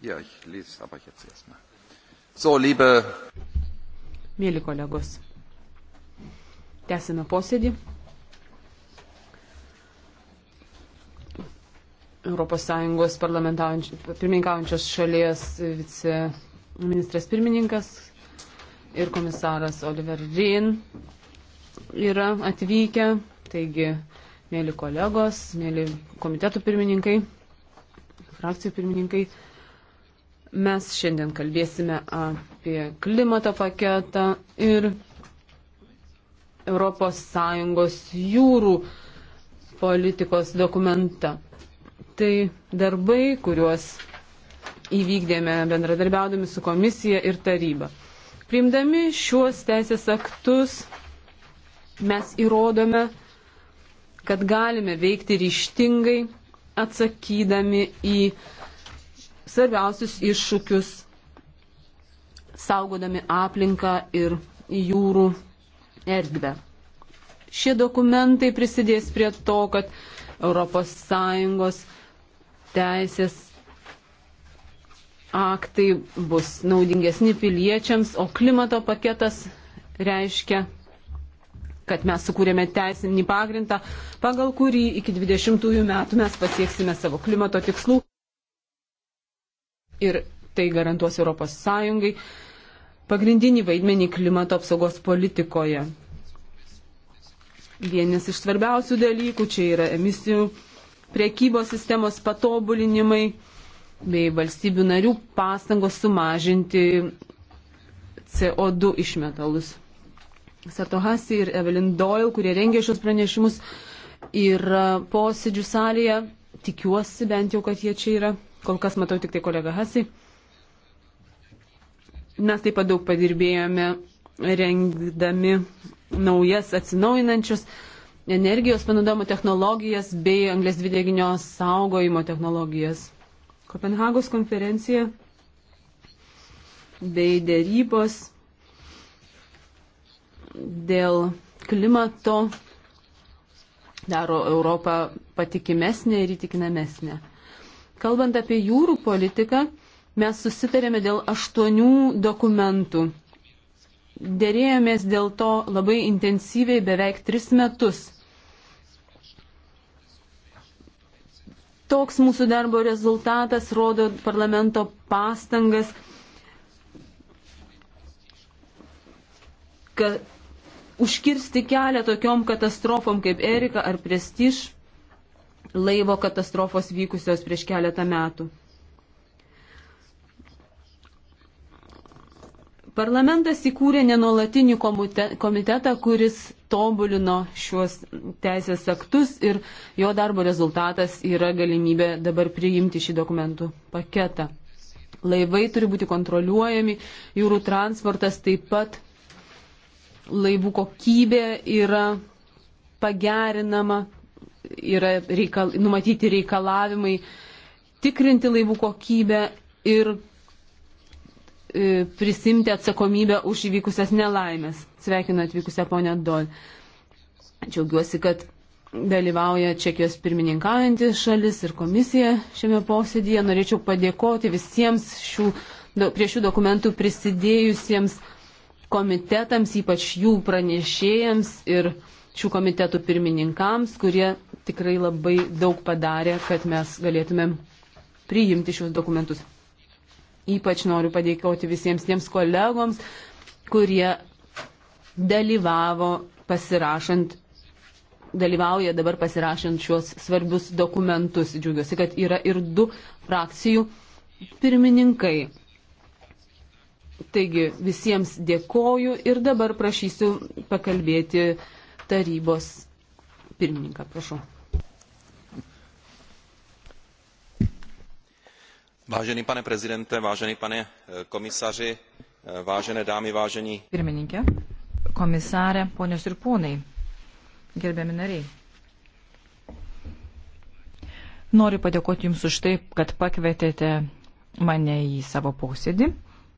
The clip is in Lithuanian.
Ja, ich lese aber jetzt erstmal. So, liebe. Mėly kolegos, tęsime posėdį. ES pirmininkaujančios šalies viceministras pirmininkas ir komisaras Oliver Ryn yra atvykę. Taigi, mėly kolegos, mėly komitetų pirmininkai, frakcijų pirmininkai. Mes šiandien kalbėsime apie klimato paketą ir ES jūrų politikos dokumentą. Tai darbai, kuriuos įvykdėme bendradarbiaudami su komisija ir taryba. Priimdami šiuos teisės aktus mes įrodome, kad galime veikti ryštingai atsakydami į svarbiausius iššūkius, saugodami aplinką ir jūrų erdvę. Šie dokumentai prisidės prie to, kad ES teisės aktai bus naudingesni piliečiams, o klimato paketas reiškia kad mes sukūrėme teisinį pagrindą, pagal kurį iki 20 metų mes pasieksime savo klimato tikslų ir tai garantuos ES pagrindinį vaidmenį klimato apsaugos politikoje. Vienas iš svarbiausių dalykų čia yra emisijų priekybos sistemos patobulinimai bei valstybių narių pastangos sumažinti CO2 išmetalus. Sartohasi ir Evelyn Doyle, kurie rengė šios pranešimus, yra posėdžių salėje. Tikiuosi bent jau, kad jie čia yra. Kol kas matau tik tai kolega Hasi. Mes taip pat daug padirbėjome rengdami naujas atsinaujinančius energijos panaudojimo technologijas bei anglės dvideginio saugojimo technologijas. Kopenhagos konferencija bei dėrybos dėl klimato daro Europą patikimesnė ir įtikinamesnė. Kalbant apie jūrų politiką, mes susitarėme dėl aštuonių dokumentų. Dėrėjomės dėl to labai intensyviai beveik tris metus. Toks mūsų darbo rezultatas rodo parlamento pastangas, kad užkirsti kelią tokiom katastrofom kaip Erika ar Prestiž laivo katastrofos vykusios prieš keletą metų. Parlamentas įkūrė nenolatinį komitetą, kuris tobulino šiuos teisės aktus ir jo darbo rezultatas yra galimybė dabar priimti šį dokumentų paketą. Laivai turi būti kontroliuojami, jūrų transportas taip pat laivų kokybė yra pagerinama, yra reikal, numatyti reikalavimai tikrinti laivų kokybę ir e, prisimti atsakomybę už įvykusias nelaimės. Sveikinu atvykusią ponę Dol. Džiaugiuosi, kad dalyvauja Čekijos pirmininkaujantis šalis ir komisija šiame posėdėje. Norėčiau padėkoti visiems šių, prie šių dokumentų prisidėjusiems komitetams, ypač jų pranešėjams ir šių komitetų pirmininkams, kurie tikrai labai daug padarė, kad mes galėtumėm priimti šios dokumentus. Ypač noriu padėkoti visiems tiems kolegoms, kurie dalyvavo pasirašant, dalyvauja dabar pasirašant šios svarbius dokumentus. Džiaugiuosi, kad yra ir du frakcijų pirmininkai. Taigi visiems dėkoju ir dabar prašysiu pakalbėti tarybos pirmininką. Prašau. Vážený pane prezidente, vážený pane eh, komisaři, eh, vážené dámy, vážení. Pirmininkė, komisarė, ponios ir ponai, gerbiami nariai. Noriu padėkoti Jums už tai, kad pakvietėte mane į savo posėdį.